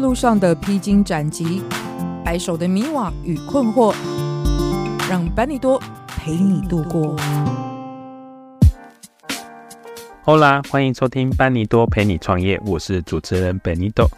路上的披荊斬棘，白首的迷惘與困惑，讓班尼多陪你度過。好啦，歡迎收聽《班尼多陪你創業》，我是主持人班尼多。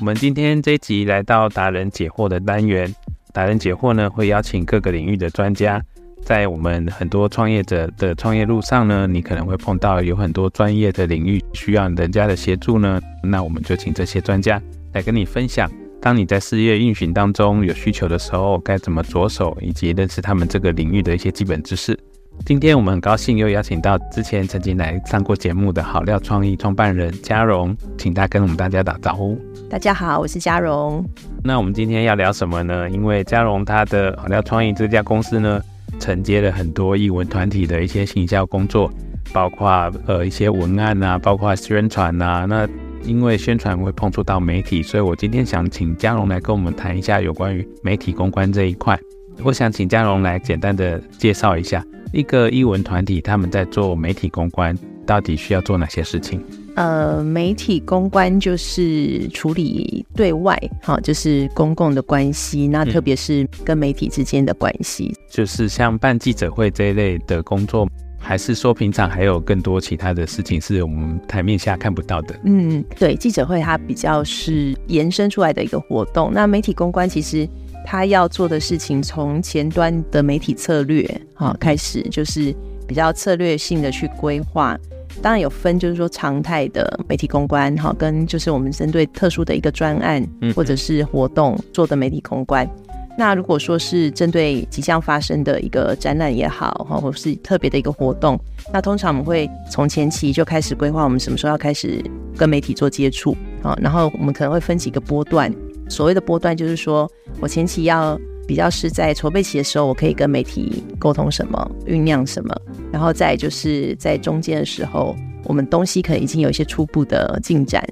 我們今天這一集來到達人解惑的單元。達人解惑呢，會邀請各個領域的專家。在我們很多創業者的創業路上呢，你可能會碰到有很多專業的領域需要人家的協助呢。那我們就請這些專家來跟你分享，當你在事業運行當中有需求的時候，該怎麼着手，以及認識他們這個領域的一些基本知識。今天我們很高興又邀請到之前曾經來上過節目的好料創意創辦人嘉蓉，請他跟我們大家打招呼。大家好，我是嘉蓉。那我們今天要聊什麼呢？因為嘉蓉他的好料創意這家公司呢，承接了很多藝文團體的一些行銷工作，包括呃一些文案吶、啊，包括宣傳吶、啊。那因為宣傳會碰觸到媒體，所以我今天想請嘉蓉來跟我們談一下有關於媒體公關這一塊。我想請嘉蓉來簡單的介紹一下，一個藝文團體他們在做媒體公關到底需要做哪些事情？呃，媒體公關就是處理對外，哈，就是公共的關係，那特別是跟媒體之間的關係，就是像辦記者會這一類的工作，還是說平常還有更多其他的事情是我們台面下看不到的？嗯，對，記者會它比較是延伸出來的一個活動，那媒體公關其實它要做的事情，從前端的媒體策略，好，開始就是比較策略性的去規劃。當然有分，就是說常態的媒體公關，哈，跟就是我們針對特殊的一個專案或者是活動做的媒體公關。那如果說是針對即將發生的一個展覽也好，或是特別的一個活動，那通常我們會從前期就開始規劃，我們什麼時候要開始跟媒體做接觸，啊，然後我們可能會分幾個波段。所謂的波段，就是說我前期要。比較是在籌備期的時候，我可以跟媒體溝通什麼，醞釀什麼，然後再就是在中間的時候，我們東西可能已經有一些初步的進展。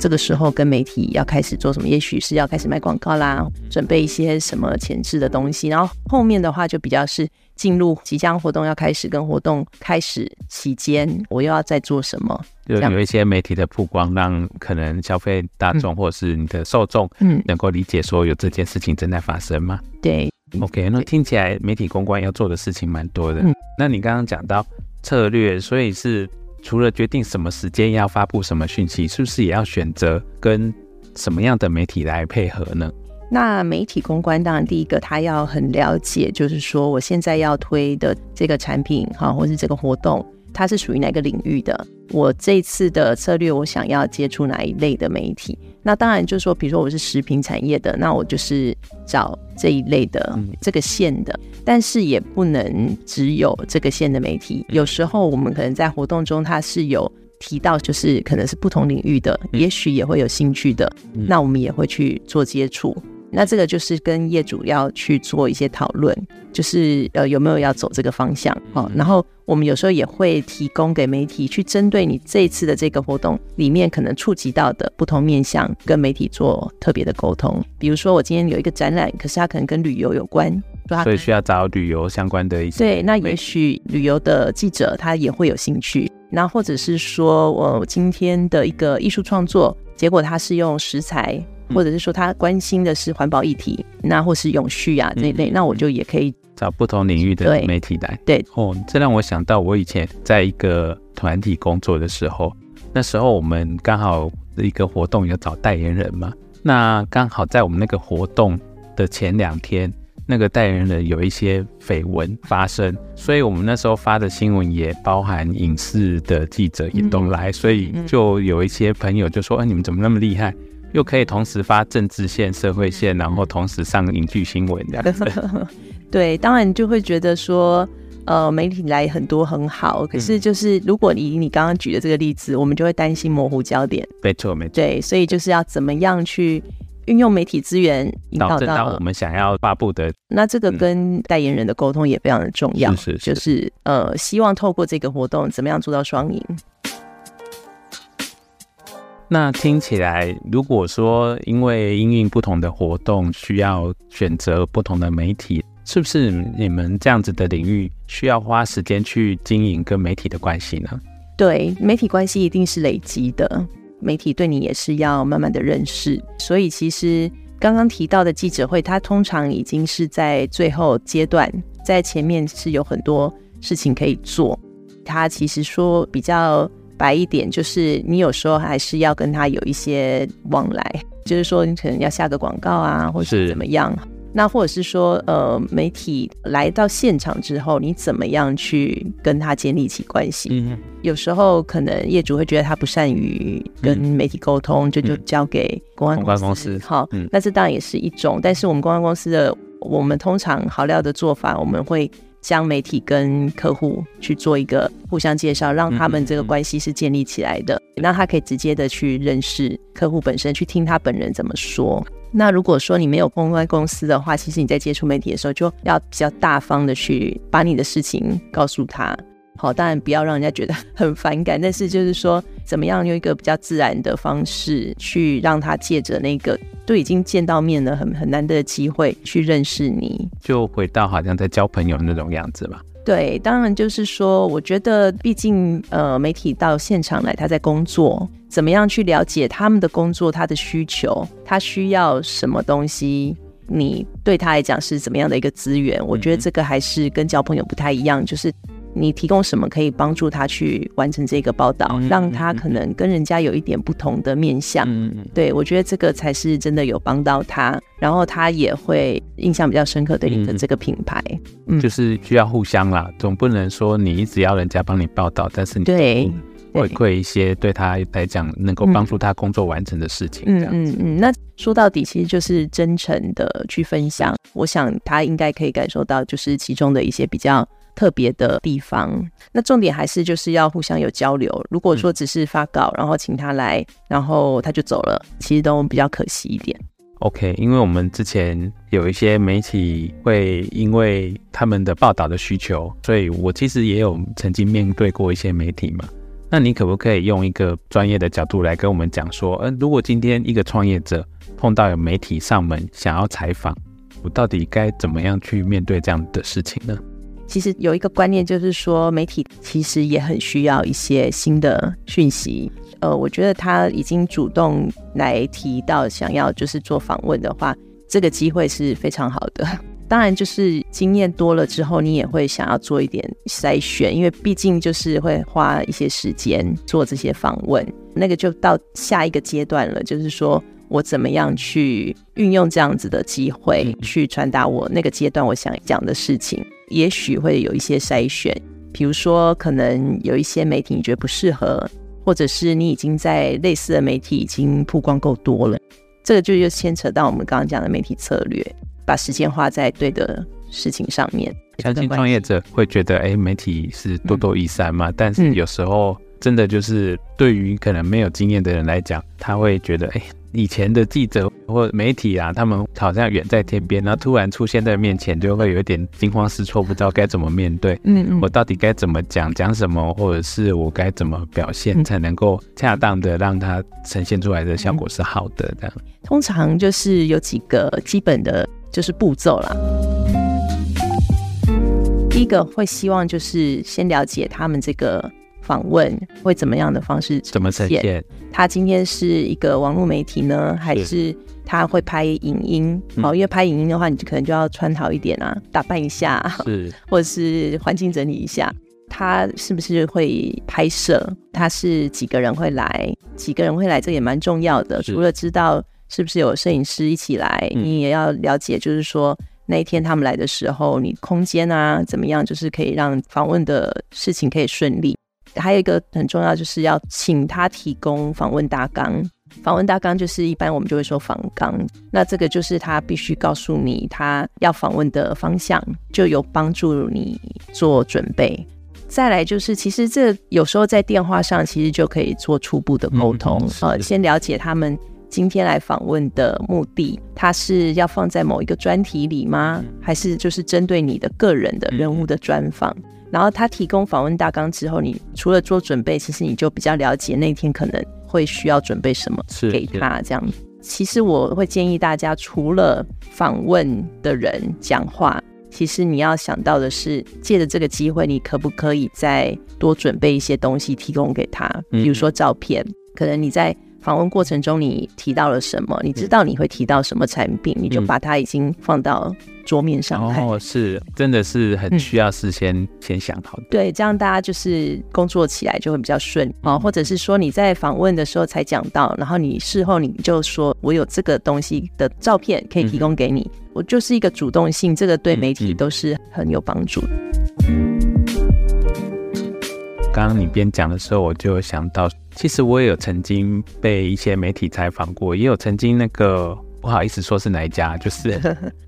這個時候跟媒體要開始做什麼？也許是要開始賣廣告啦，準備一些什麼前置的東西。然後後面的話就比較是進入即將活動要開始，跟活動開始期間，我又要再做什麼？有有一些媒體的曝光，讓可能消費大眾、嗯、或是你的受眾，嗯，能夠理解說有這件事情正在發生嗎？嗯、對，OK。那聽起來媒體公關要做的事情蠻多的。嗯，那你剛剛講到策略，所以是。除了決定什麼時間要發佈什麼訊息，是不是也要選擇跟什麼樣的媒體來配合呢？那媒體公關，當然第一個他要很了解，就是說我現在要推的這個產品哈、啊，或是這個活動，它是屬於哪個領域的？我這次的策略，我想要接觸哪一類的媒體？那當然就是說，比如說我是食品產業的，那我就是找這一類的這個線的。但是也不能只有這個線的媒體。有時候我們可能在活動中，它是有提到，就是可能是不同領域的，也許也會有興趣的。那我們也會去做接觸。那這個就是跟業主要去做一些討論。就是呃有沒有要走這個方向哦？然後我們有時候也會提供給媒體去針對你這一次的這個活動裡面可能觸及到的不同面向，跟媒體做特別的溝通。比如說我今天有一個展覽，可是它可能跟旅遊有關，所以需要找旅遊相關的一些。對，那也許旅遊的記者他也會有興趣。那或者是說我今天的一個藝術創作，結果他是用食材，或者是說他關心的是環保議題，那或是永續啊這、嗯、類，那我就也可以。找不同領域的媒體來，對哦，這讓我想到我以前在一個團體工作的時候，那時候我們剛好一個活動有找代言人嘛，那剛好在我們那個活動的前兩天，那個代言人有一些緋聞發生，所以我們那時候發的新聞也包含影視的記者也都來，所以就有一些朋友就說，哎，你們怎麼那麼厲害？又可以同時發政治線、社會線，然後同時上影劇新聞這樣子。 對，當然就會覺得說，呃，媒體來很多很好，可是就是如果以你剛剛舉的這個例子，我們就會擔心模糊焦點。沒錯，沒錯。對，所以就是要怎麼樣去運用媒體資源引導到,到,到我們想要發布的。那這個跟代言人的溝通也非常的重要，嗯、是是是就是呃，希望透過這個活動，怎麼樣做到雙贏。那聽起來，如果說因為因應，不同的活動需要選擇不同的媒體，是不是你們這樣子的領域需要花時間去經營跟媒體的關係呢？對，媒體關係一定是累積的，媒體對你也是要慢慢的認識。所以，其實剛剛提到的記者會，它通常已經是在最後階段，在前面是有很多事情可以做。它其實說比較。白一點，就是你有時候還是要跟他有一些往來，就是說你可能要下個廣告啊，或者是怎麼樣。是那或者是說，呃，媒體來到現場之後，你怎麼樣去跟他建立起關係？嗯，有時候可能業主會覺得他不善於跟媒體溝通，嗯、就就交給公安公司。嗯、公關公司，好，嗯、那這當然也是一種。但是我們公關公司的，我們通常好料的做法，我們會。將媒體跟客戶去做一個互相介紹，讓他們這個關係是建立起來的。那、嗯嗯嗯、他可以直接的去認識客戶本身，去聽他本人怎麼說。那如果說你沒有公關公司的話，其實你在接觸媒體的時候，就要比較大方的去把你的事情告訴他。好，當然不要讓人家覺得很反感，但是就是說，怎麼樣用一個比較自然的方式去讓他借着那個都已經見到面了，很很難得的機會去認識你，就回到好像在交朋友那種樣子嘛。對，當然就是說，我覺得畢竟呃，媒體到現場來，他在工作，怎麼樣去了解他們的工作，他的需求，他需要什麼東西，你對他來講是怎麼樣的一個資源，我覺得這個還是跟交朋友不太一樣，就是。你提供什麼可以幫助他去完成這個報道，嗯嗯、讓他可能跟人家有一點不同的面向。嗯、對，我覺得這個才是真的有幫到他，然後他也會印象比較深刻對你的這個品牌，嗯嗯、就是需要互相啦，總不能說你一直要人家幫你報道，但是你回饋一些對他來講能夠幫助他工作完成的事情嗯。嗯嗯嗯，那說到底其實就是真誠的去分享，我想他應該可以感受到，就是其中的一些比較。特別的地方，那重點還是就是要互相有交流。如果說只是發稿，然後請他來，然後他就走了，其實都比較可惜一點。嗯，OK，因為我們之前有一些媒體會因為他們的報道的需求，所以我其實也有曾經面對過一些媒體嘛。那你可不可以用一個專業的角度來跟我們講說，呃，如果今天一個創業者碰到有媒體上門想要採訪，我到底該怎麼樣去面對這樣的事情呢？其實有一個觀念，就是說媒體其實也很需要一些新的訊息。呃，我覺得他已經主動來提到想要就是做訪問的話，這個機會是非常好的。當然，就是經驗多了之後，你也會想要做一點篩選，因為畢竟就是會花一些時間做這些訪問。那個就到下一個階段了，就是說。我怎麼樣去運用這樣子的機會去傳達我那個階段我想講的事情？嗯、也許會有一些篩選，比如說可能有一些媒體你覺得不適合，或者是你已經在類似的媒體已經曝光夠多了，這個就又牽扯到我們剛剛講的媒體策略，把時間花在對的事情上面。相信創業者會覺得，哎、欸，媒體是多多益善嘛，嗯、但是有時候真的就是對於可能沒有經驗的人來講，他會覺得，哎、欸。以前的記者或媒體啊，他們好像遠在天邊，然後突然出現在面前，就會有一點驚慌失措，不知道該怎麼面對。嗯，嗯，我到底該怎麼講，講什麼，或者是我該怎麼表現，才能夠恰當的讓他呈現出來的效果是好的？這樣、嗯，通常就是有幾個基本的就是步驟啦。第一個會希望就是先了解他們這個訪問會怎麼樣的方式，怎麼呈現。他今天是一個網絡媒體呢，還是他會拍影音？是好，因為拍影音的話，你可能就要穿好一點啊，打扮一下，是或者是環境整理一下。他是不是會拍攝？他是幾個人會來？幾個人會來？這也蠻重要的。除了知道是不是有攝影師一起來，是你也要了解，就是說那一天他們來的時候，你空間啊怎麼樣，就是可以讓訪問的事情可以順利。還有一個很重要，就是要請他提供訪問大綱。訪問大綱就是一般我們就會說訪綱，那這個就是他必須告訴你他要訪問的方向，就有幫助你做準備。再來就是，其實這有時候在電話上其實就可以做初步的溝通，嗯、呃，先了解他們今天來訪問的目的，他是要放在某一個專題裡嗎？還是就是針對你的個人的人物的專訪？嗯嗯然後他提供訪問大綱之後，你除了做準備，其實你就比較了解那天可能會需要準備什麼給他，這樣。其實我會建議大家，除了訪問的人講話，其實你要想到的是，借着這個機會，你可不可以再多準備一些東西提供給他，比如說照片，可能你在。訪問過程中，你提到了什麼？你知道你會提到什麼產品，嗯、你就把它已經放到桌面上，嗯。哦，是，真的是很需要事先、嗯、先想好。對，這樣大家就是工作起來就會比較順啊、哦。或者是說你在訪問的時候才講到，嗯、然後你事後你就說我有這個東西的照片可以提供給你，嗯、我就是一個主動性，這個對媒體都是很有幫助。剛、嗯嗯、剛你邊講的時候，我就想到。其實我也有曾經被一些媒體採訪過，也有曾經那個不好意思說是哪一家，就是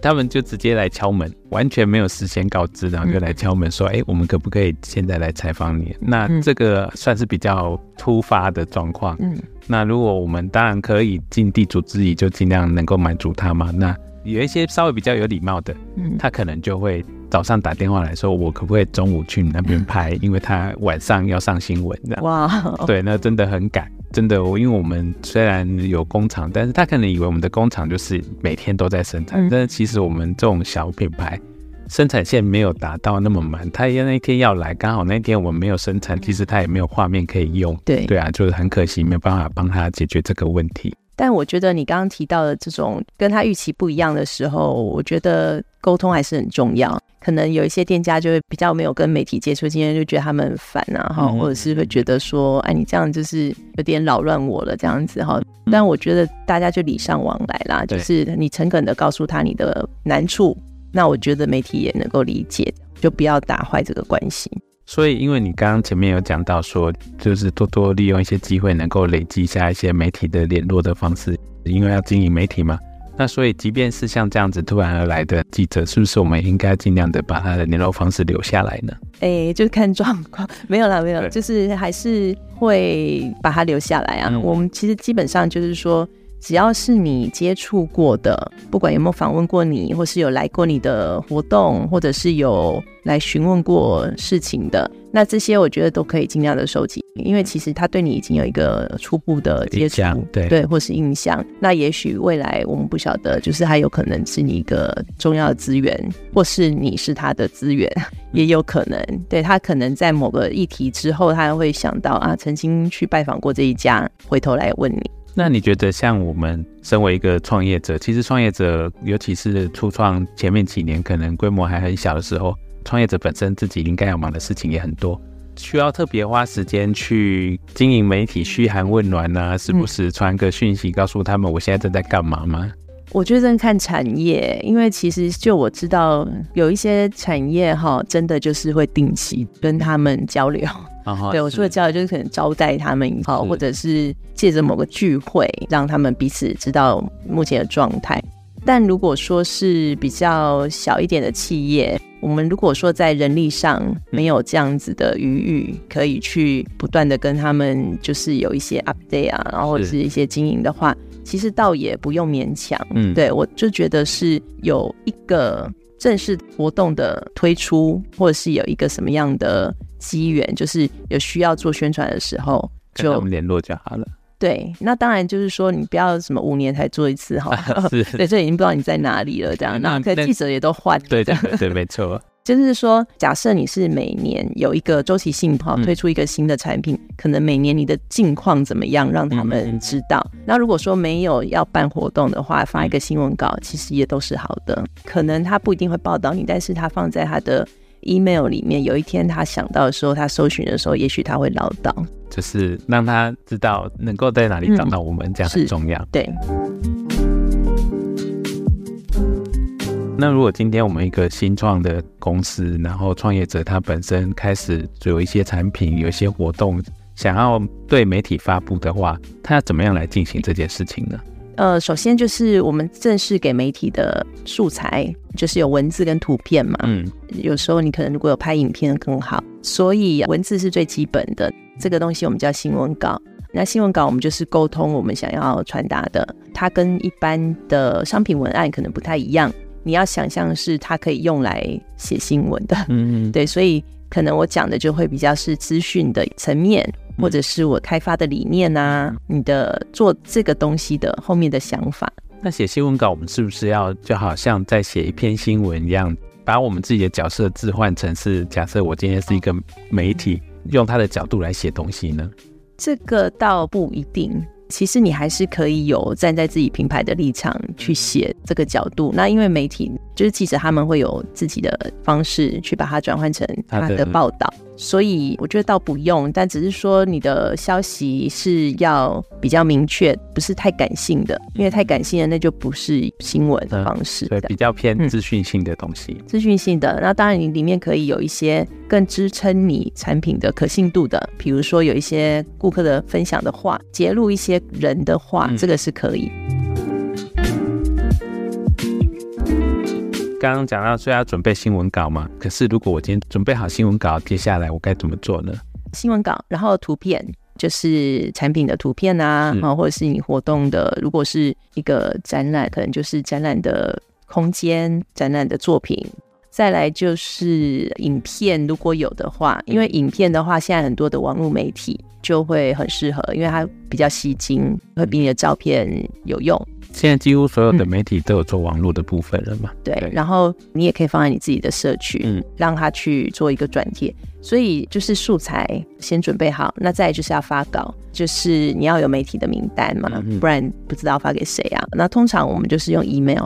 他們就直接來敲門，完全沒有事先告知，然後就來敲門說：“哎、嗯欸，我們可不可以現在來採訪你？”那這個算是，比較突發的狀況。嗯，那如果我們當然可以盡地主之誼，就盡量能夠滿足他嘛。那有一些稍微比較有禮貌的，他可能就會早上打電話來說：“我可不可以中午去你那邊拍？”因為他晚上要上新聞的。哇，對，那真的很趕，真的。因為我們雖然有工廠，但是他可能以為我們的工廠就是每天都在生產，但是其實我們這種小品牌生產線沒有達到那麼滿。他那天要來，剛好那天我們沒有生產，其實他也沒有畫面可以用。對，對啊，就是很可惜，沒有辦法幫他解決這個問題。但我覺得你剛剛提到的這種跟他預期不一樣的時候，我覺得溝通還是很重要。可能有一些店家就會比較沒有跟媒體接觸，今天就覺得他們很煩吶、啊，哈、嗯，或者是會覺得說，哎，你這樣就是有點擾亂我了，這樣子哈。嗯、但我覺得大家就禮尚往來啦，就是你誠懇的告訴他你的難處，對那我覺得媒體也能夠理解，就不要打壞這個關係。所以，因為你剛剛前面有講到說，就是多多利用一些機會，能夠累積下一些媒體的聯絡的方式，因為要經營媒體嘛。那所以，即便是像這樣子突然而來的記者，是不是我們應該盡量的把他的聯絡方式留下來呢？誒、欸，就是看狀況，沒有啦，沒有，對就是還是會把他留下來啊。嗯、我們其實基本上就是說。只要是你接觸過的，不管有沒有訪問過你，或是有來過你的活動，或者是有來詢問過事情的，那這些我覺得都可以盡量的收集，因為其實他對你已經有一個初步的接觸，對，對，或是印象。那也許未來我們不曉得，就是他有可能是你一個重要的資源，或是你是他的資源，也有可能，對，他可能在某個議題之後，他會想到啊，曾經去拜訪過這一家，回頭來問你。那你覺得，像我們身為一個創業者，其實創業者，尤其是初創前面幾年，可能規模還很小的時候，創業者本身自己應該要忙的事情也很多，需要特別花時間去經營媒體噓寒問暖啊，時不時傳個訊息告訴他們我現在正在幹嘛嗎？我覺得看產業，因為其實就我知道有一些產業哈，真的就是會定期跟他們交流。Uh-huh, 對，我說的教育就是可能招待他們好，是或者是借着某個聚會讓他們彼此知道目前的狀態。但如果說是比較小一點的企業，我們如果說在人力上沒有這樣子的餘裕，嗯、可以去不斷地跟他們就是有一些 update 啊，然後或者是一些經營的話，其實倒也不用勉強。嗯，對，我就覺得是有一個。正式活動的推出，或者是有一個什麼樣的機緣，就是有需要做宣傳的時候就，就跟我們聯絡就好了。對，那當然就是說，你不要什麼五年才做一次好、啊哦、是，對，這已經不知道你在哪裡了，這樣。那可記者也都換， 那對的，對，沒錯。就是說，假設你是每年有一個周期性好推出一個新的產品，嗯、可能每年你的近況怎麼樣，讓他們知道。嗯嗯、那如果說沒有要辦活動的話，發一個新聞稿，嗯、其實也都是好的。可能他不一定會報道你，但是他放在他的 email 裡面，有一天他想到的時候，他搜尋的時候，也許他會嘮叨。就是讓他知道能夠在哪裡找到我們，這樣很重要。嗯、對。那如果今天我們一個新創的公司，然後創業者他本身開始有一些產品、有一些活動，想要對媒體發布的話，他要怎麼樣來進行這件事情呢？呃，首先就是我們正式給媒體的素材，就是有文字跟圖片嘛。嗯。有時候你可能如果有拍影片更好，所以文字是最基本的。這個東西我們叫新聞稿。那新聞稿我們就是溝通我們想要傳達的，它跟一般的商品文案可能不太一樣。你要想象是它可以用來寫新聞的，嗯，嗯，對，所以可能我講的就會比較是資訊的層面，或者是我開發的理念吶、啊，嗯、你的做這個東西的後面的想法。那寫新聞稿，我們是不是要就好像在寫一篇新聞一樣，把我們自己的角色置換成是假設我今天是一個媒體，嗯、用他的角度來寫東西呢？這個倒不一定。其實你還是可以有站在自己品牌的立場去寫這個角度，那因為媒體。就是其實他們會有自己的方式去把它轉換成他的報道，嗯嗯、所以我覺得倒不用，但只是說你的消息是要比較明確，不是太感性的，因為太感性的那就不是新聞的方式的，對、嗯，比較偏資訊性的東西。資訊、嗯、性的，那當然你裡面可以有一些更支撐你產品的可信度的，比如說有一些顧客的分享的話，揭露一些人的話，嗯、這個是可以。剛剛講到說要準備新聞稿嘛，可是如果我今天準備好新聞稿，接下來我該怎麼做呢？新聞稿，然後圖片就是產品的圖片啊，是然後或者是你活動的，如果是一個展覽，可能就是展覽的空間、展覽的作品，再來就是影片，如果有的話，因為影片的話，現在很多的網絡媒體就會很適合，因為它比較吸睛，會比你的照片有用。現在幾乎所有的媒體都有做網絡的部分了嘛。嗯、對，然後你也可以放在你自己的社群，嗯，讓他去做一個轉貼。所以就是素材先準備好，那再就是要發稿，就是你要有媒體的名單嘛，不然、嗯嗯、不知道發給誰啊。那通常我們就是用 email，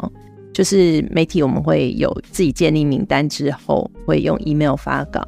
就是媒體我們會有自己建立名單之後，會用 email 發稿。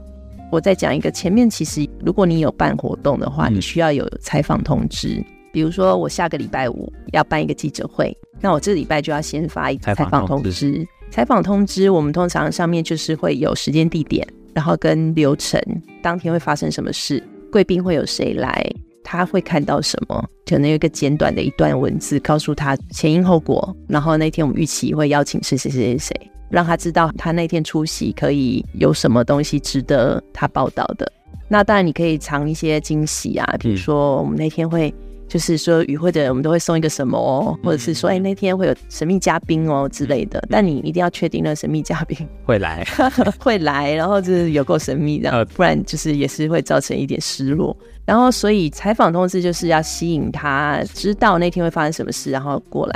我再講一個，前面其實如果你有辦活動的話，你需要有採訪通知。嗯比如說，我下個禮拜五要辦一個記者會，那我這禮拜就要先發一個採訪通知。採訪通知，我們通常上面就是會有時間、地點，然後跟流程，當天會發生什麼事，貴賓會有誰來，他會看到什麼，可能有一個簡短的一段文字告訴他前因後果。然後那天我們預期會邀請誰誰誰誰，讓他知道他那天出席可以有什麼東西值得他報道的。那當然，你可以藏一些驚喜啊，比如說我們那天會。就是說，與會的人我們都會送一個什麼哦，或者是說，哎、欸，那天會有神秘嘉賓哦之類的。但你一定要確定那個神秘嘉賓會來， 會來，然後就是有夠神秘這樣，不然就是也是會造成一點失落。然後，所以採訪通知就是要吸引他知道那天會發生什麼事，然後過來。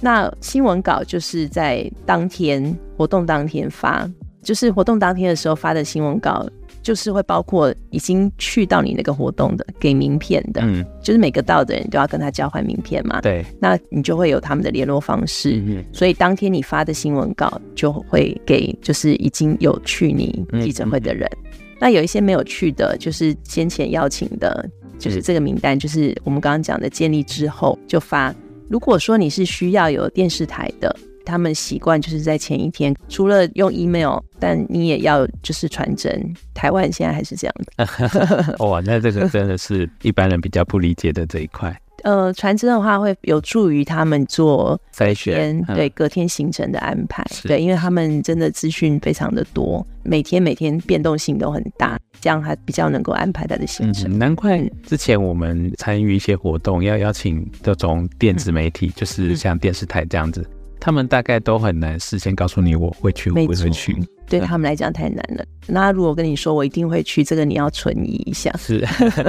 那新聞稿就是在當天活動當天發，就是活動當天的時候發的新聞稿。就是會包括已經去到你那個活動的，給名片的，嗯，就是每個到的人都要跟他交換名片嘛，對，那你就會有他們的聯絡方式，嗯哼，所以當天你發的新聞稿就會給，就是已經有去你記者會的人。嗯。那有一些沒有去的，就是先前邀請的，就是這個名單，就是我們剛剛講的建立之後就發。如果說你是需要有電視台的。他們習慣就是在前一天，除了用 email，但你也要就是傳真。台灣現在還是這樣的。哇、 哦，那這個真的是一般人比較不理解的這一塊。呃，傳真的話會有助於他們做篩選，嗯、對隔天行程的安排。是對，因為他們真的資訊非常的多，每天每天變動性都很大，這樣還比較能夠安排他的行程。嗯、難怪之前我們參與一些活動，要邀請這種電子媒體，嗯、就是像電視台這樣子。嗯他們大概都很難事先告訴你我會去、不會去，對他們來講太難了。嗯、那如果跟你說我一定會去，這個你要存疑一下。是，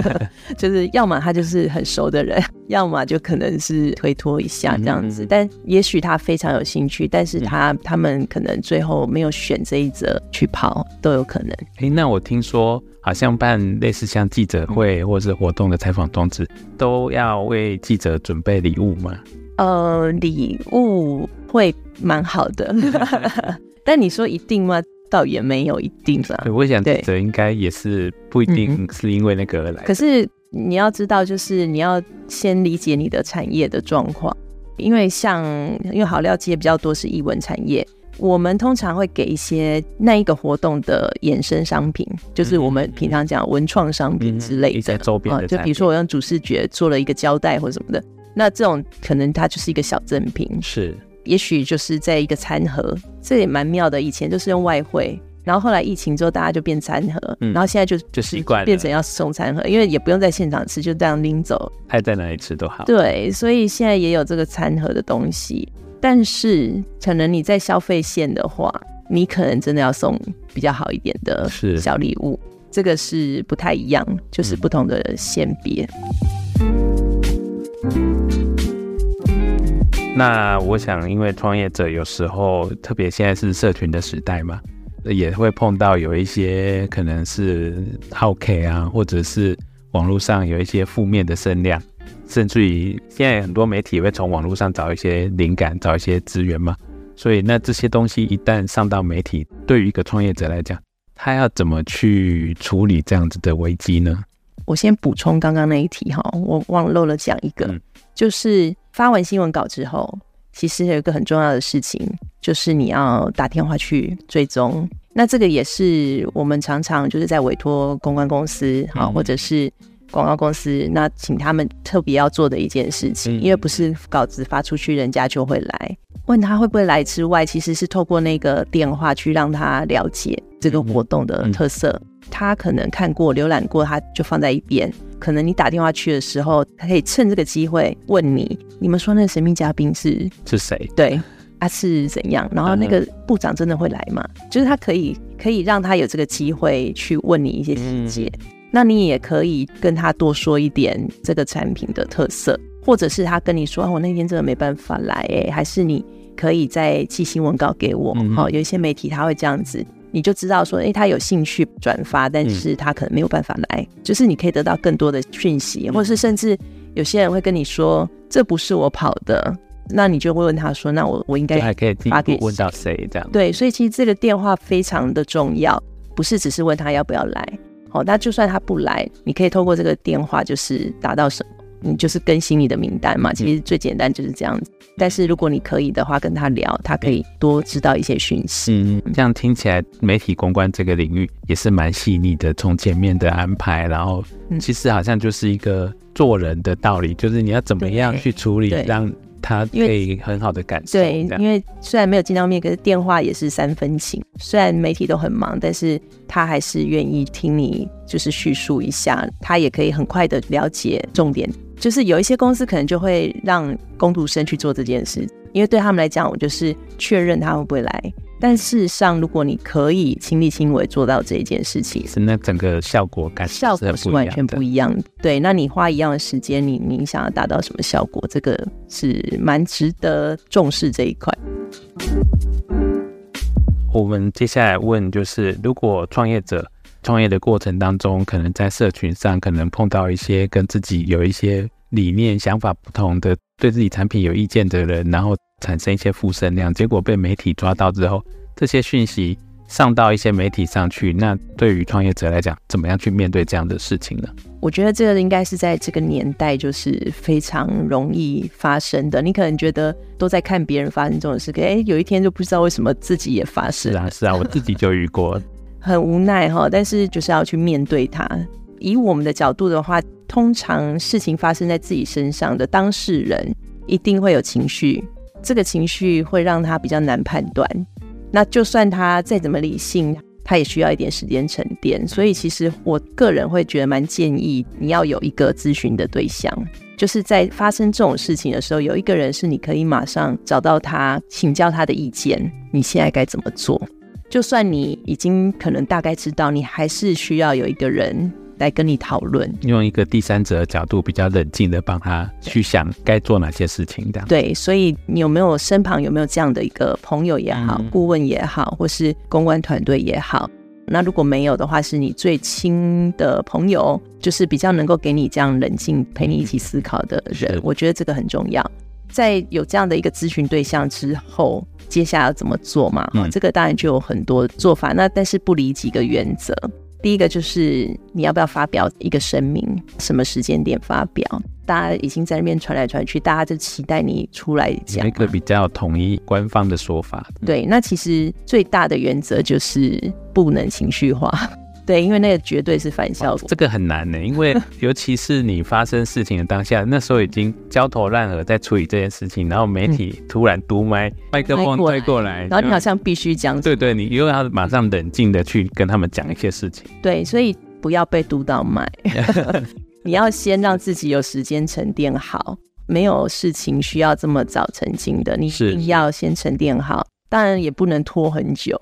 就是要麼他就是很熟的人，要麼就可能是推脫一下這樣子。嗯、但也許他非常有興趣，但是他、嗯、他們可能最後沒有選這一則去跑都有可能。哎、欸，那我聽說好像辦類似像記者會或是活動的採訪裝置，嗯、都要為記者準備禮物嗎？呃，禮物。會蠻好的， 但你說一定嗎？倒也沒有一定的。我想這應該也是不一定，是因為那個而來的、嗯。可是你要知道，就是你要先理解你的產業的狀況，因為像因為好料街比較多是藝文產業，我們通常會給一些那一個活動的衍生商品，就是我們平常講文創商品之類的、嗯嗯、周邊、嗯。就比如說我用主視覺做了一個膠帶或什麼的，那這種可能它就是一個小贈品。是。也許就是在一個餐盒，這也蠻妙的。以前就是用外燴，然後後來疫情之後，大家就變餐盒，嗯、然後現在就就習慣變成要送餐盒，因為也不用在現場吃，就這樣拎走，還在哪裡吃都好。對，所以現在也有這個餐盒的東西，但是可能你在消費線的話，你可能真的要送比較好一點的是小禮物，是這個是不太一樣，就是不同的線別。嗯那我想，因為創業者有時候，特別現在是社群的時代嘛，也會碰到有一些可能是好 K 啊，或者是網絡上有一些負面的聲量，甚至於現在很多媒體會從網絡上找一些靈感，找一些資源嘛。所以，那這些東西一旦上到媒體，對於一個創業者來講，他要怎麼去處理這樣子的危機呢？我先補充剛剛那一題哈，我忘漏了講一個，嗯、就是。發完新聞稿之後，其實有一個很重要的事情，就是你要打電話去追蹤。那這個也是我們常常就是在委託公關公司好，或者是廣告公司，那請他們特別要做的一件事情，因為不是稿子發出去，人家就會來問他會不會來之外，其實是透過那個電話去讓他了解這個活動的特色，他可能看過、瀏覽過，他就放在一邊。可能你打電話去的時候，他可以趁這個機會問你，你們說那個神秘嘉賓是是誰？對，他、啊、是怎樣？然後那個部長真的會來嗎？Uh huh. 就是他可以可以讓他有這個機會去問你一些細節，uh huh. 那你也可以跟他多說一點這個產品的特色，或者是他跟你說、啊、我那天真的沒辦法來，誒。還是你可以再寄新聞稿給我。Uh huh. 哦，有一些媒體他會這樣子。你就知道說，誒、欸，他有興趣轉發，但是他可能沒有辦法來，嗯、就是你可以得到更多的訊息，嗯、或者是甚至有些人會跟你說這不是我跑的，那你就會問他說，那我我應該還可以發給問到誰這樣？對，所以其實這個電話非常的重要，不是只是問他要不要來。哦，那就算他不來，你可以透過這個電話就是達到什麼？你就是更新你的名單嘛，其實最簡單就是這樣子。但是如果你可以的話，跟他聊，他可以多知道一些訊息、欸。嗯，這樣聽起來，媒體公關這個領域也是蠻細膩的，從前面的安排，然後其實好像就是一個做人的道理，嗯、就是你要怎麼樣去處理，對讓他可以很好的感受。對，因為雖然沒有見到面，可是電話也是三分情。雖然媒體都很忙，但是他還是願意聽你就是敘述一下，他也可以很快的了解重點。就是有一些公司可能就會讓工讀生去做這件事，因為對他們來講，我就是確認他會不會來。但事實上，如果你可以親力親為做到這一件事情，是那整個效果感覺的效果是完全不一樣的。對，那你花一樣的時間，你你想要達到什麼效果？這個是蠻值得重視這一塊。我們接下來問就是，如果創業者。創業的過程當中，可能在社群上，可能碰到一些跟自己有一些理念、想法不同的，對自己產品有意見的人，然後產生一些負聲量。結果被媒體抓到之後，這些訊息上到一些媒體上去。那對於創業者來講，怎麼樣去面對這樣的事情呢？我覺得這個應該是在這個年代就是非常容易發生的。你可能覺得都在看別人發生這種事情，誒、欸、有一天就不知道為什麼自己也發生了。是啊，是啊，我自己就遇過。 很無奈哈，但是就是要去面對他。以我們的角度的話，通常事情發生在自己身上的當事人一定會有情緒，這個情緒會讓他比較難判斷。那就算他再怎麼理性，他也需要一點時間沉澱。所以，其實我個人會覺得蠻建議你要有一個諮詢的對象，就是在發生這種事情的時候，有一個人是你可以馬上找到他請教他的意見。你現在該怎麼做？就算你已經可能大概知道，你還是需要有一個人來跟你討論，用一個第三者角度比較冷靜的幫他去想該做哪些事情的。對，所以你有沒有身旁有沒有這樣的一個朋友也好，嗯，顧問也好，或是公關團隊也好？那如果沒有的話，是你最親的朋友，就是比較能夠給你這樣冷靜陪你一起思考的人，是我覺得這個很重要。在有這樣的一個諮詢對象之後，接下來要怎麼做嘛？嗯，這個當然就有很多做法。那但是不離幾個原則，第一個就是你要不要發表一個聲明，什麼時間點發表？大家已經在那邊傳來傳去，大家就期待你出來講、啊、一個比較統一、官方的說法。對，那其實最大的原則就是不能情緒化。對，因為那個絕對是反效果。這個很難的，因為尤其是你發生事情的當下， 那時候已經焦頭爛額在處理這件事情，然後媒體突然堵麥，嗯、麥克風推過來，然後你好像必須講，講、嗯。對對，你又要馬上冷靜的去跟他們講一些事情。 對，所以不要被堵到麥， 你要先讓自己有時間沉澱好。沒有事情需要這麼早澄清的，你一定要先沉澱好。當然是也不能拖很久。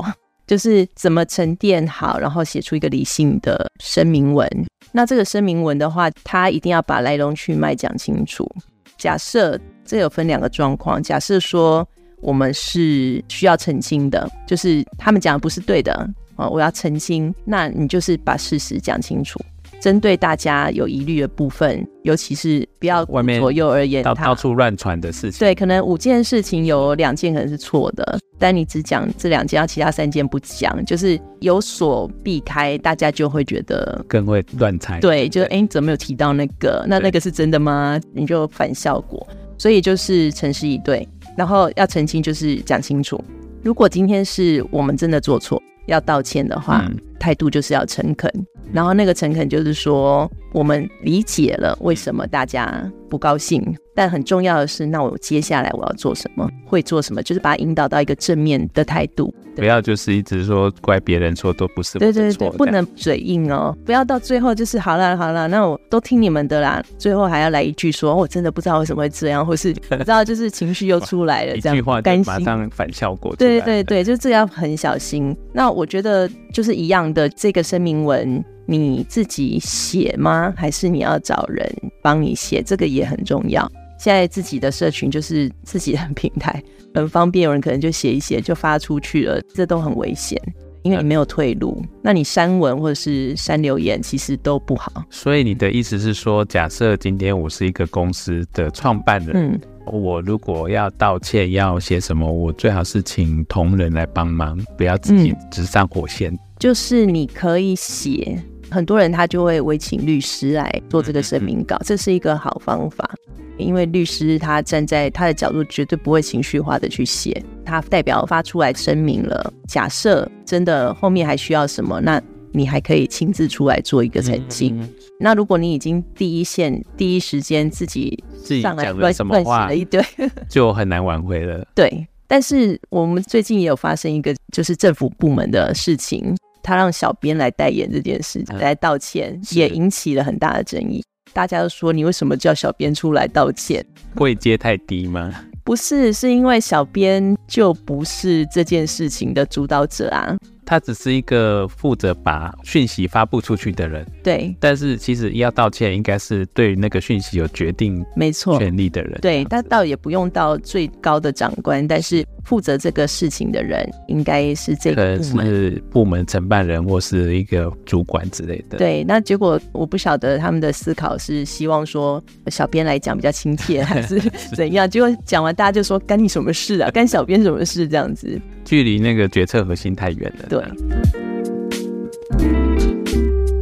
就是怎麼沉澱好，然後寫出一個理性的聲明文。那這個聲明文的話，它一定要把來龍去脈講清楚。假設這有分兩個狀況，假設說我們是需要澄清的，就是他們講的不是對的啊，我要澄清，那你就是把事實講清楚。針對大家有疑慮的部分，尤其是不要外面左右而言他，到處亂傳的事情。對，可能五件事情有兩件可能是錯的，但你只講這兩件，要其他三件不講，就是有所避開，大家就會覺得更會亂猜。對，就是對、欸、怎麼有提到那個？那那個是真的嗎？對你就反效果。所以就是誠實以對，然後要澄清就是講清楚。如果今天是我們真的做錯，要道歉的話，態、嗯、度就是要誠懇。然後那個誠懇就是說，我們理解了為什麼大家不高興，但很重要的是，那我接下來我要做什麼？會做什麼？就是把它引導到一個正面的態度，對不對？不要就是一直說怪別人錯都不是。對，對對對，這樣，不能嘴硬哦，不要到最後就是好啦好啦，那我都聽你們的啦，最後還要來一句說，我真的不知道為什麼會這樣，或是不知道就是情緒又出來了，一句話就馬上反效果。對對對對，就這要很小心。那我覺得就是一樣的這個聲明文。你自己寫嗎？還是你要找人幫你寫？這個也很重要。現在自己的社群就是自己的平台，很方便。有人可能就寫一寫就發出去了，這都很危險，因為你沒有退路。那你刪文或者是刪留言，其實都不好。所以你的意思是說，假設今天我是一個公司的創辦人，嗯，我如果要道歉，要寫什麼，我最好是請同仁來幫忙，不要自己直上火線。嗯，就是你可以寫。很多人他就會委請律師來做這個聲明稿，嗯、這是一個好方法，因為律師他站在他的角度絕對不會情緒化的去寫，他代表發出來聲明了。假設真的後面還需要什麼，那你還可以親自出來做一個澄清。嗯、那如果你已經第一線第一時間自己上來自己講了什麼話，亂寫了一堆，就很難挽回了。 對，但是我們最近也有發生一個就是政府部門的事情。他讓小編來代言這件事，來道歉，啊、也引起了很大的爭議。大家都說，你為什麼叫小編出來道歉？會接太低嗎？不是，是因為小編就不是這件事情的主導者啊。他只是一個負責把訊息發布出去的人，對。但是其實要道歉，應該是對那個訊息有決定沒錯權利的人。對，他倒也不用到最高的長官，但是負責這個事情的人應該是這個部門，可能是部門承辦人或是一個主管之類的。對，那結果我不曉得他們的思考是希望說小編來講比較親切還是， 是怎樣。結果講完大家就說，幹你什麼事啊？幹小編什麼事這樣子。距離那個決策核心太遠了。對。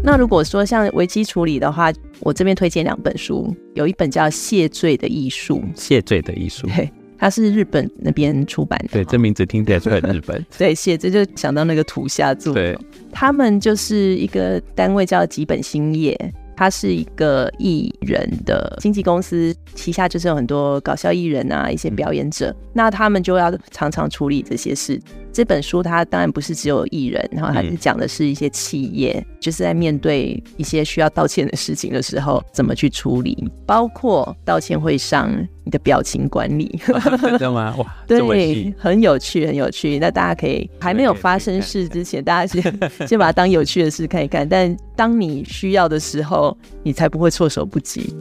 那如果說像危機處理的話，我這邊推薦兩本書，有一本叫《謝罪的藝術》，謝罪的藝術，對，它是日本那邊出版的。對，這名字聽起來就很日本。 對，謝罪就想到那個土下座。對。他們就是一個單位叫吉本興業。他是一個藝人的經紀公司，旗下就是有很多搞笑藝人啊，一些表演者，那他們就要常常處理這些事。這本書它當然不是只有藝人，然後它是講的是一些企業，嗯、就是在面對一些需要道歉的事情的時候，怎麼去處理，包括道歉會上你的表情管理，啊、呵呵，真的嗎？哇，對，很有趣，很有趣。那大家可以還沒有發生事之前，可以大家先看看先把它當有趣的事看一看。 但當你需要的時候，你才不會措手不及。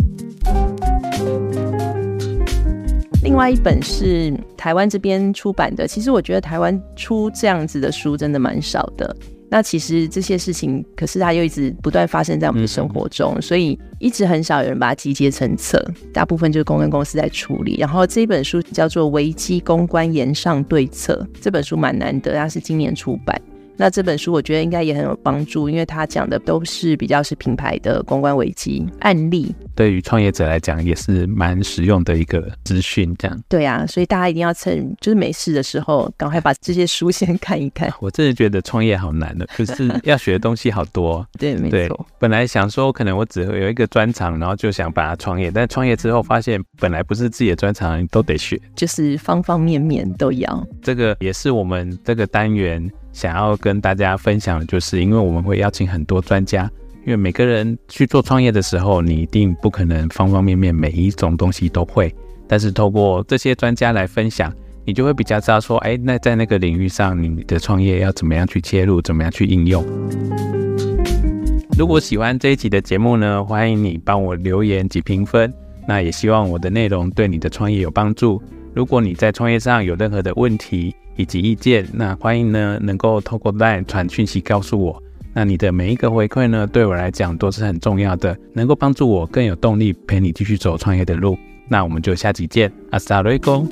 另外一本是台灣這邊出版的，其實我覺得台灣出這樣子的書真的蠻少的。那其實這些事情，可是它又一直不斷發生在我們的生活中，所以一直很少有人把它集結成冊。大部分就是公關公司在處理。然後這一本書叫做《危機公關延上對策》，這本書蠻難得，它是今年出版。那這本書我覺得應該也很有幫助，因為他講的都是比較是品牌的公關危機案例，對於創業者來講也是蠻實用的一個資訊這樣。對啊，所以大家一定要趁，就是沒事的時候，趕快把這些書先看一看。我真的覺得創業好難的，可是要學的東西好多。 對，對，沒錯。本來想說可能我只會有一個專長，然後就想把它創業，但創業之後發現本來不是自己的專長，都得學，就是方方面面都要。這個也是我們這個單元。想要跟大家分享的就是，因為我們會邀請很多專家，因為每個人去做創業的時候，你一定不可能方方面面每一種東西都會。但是透過這些專家來分享，你就會比較知道說，誒、欸，那在那個領域上，你的創業要怎麼樣去切入，怎麼樣去應用。如果喜歡這一期的節目呢，歡迎你幫我留言及評分。那也希望我的內容對你的創業有幫助。如果你在創業上有任何的問題以及意見，那歡迎呢能夠透過 LINE 傳訊息告訴我。那你的每一個回饋呢，對我來講都是很重要的，能夠幫助我更有動力陪你繼續走創業的路。那我們就下集見，hasta luego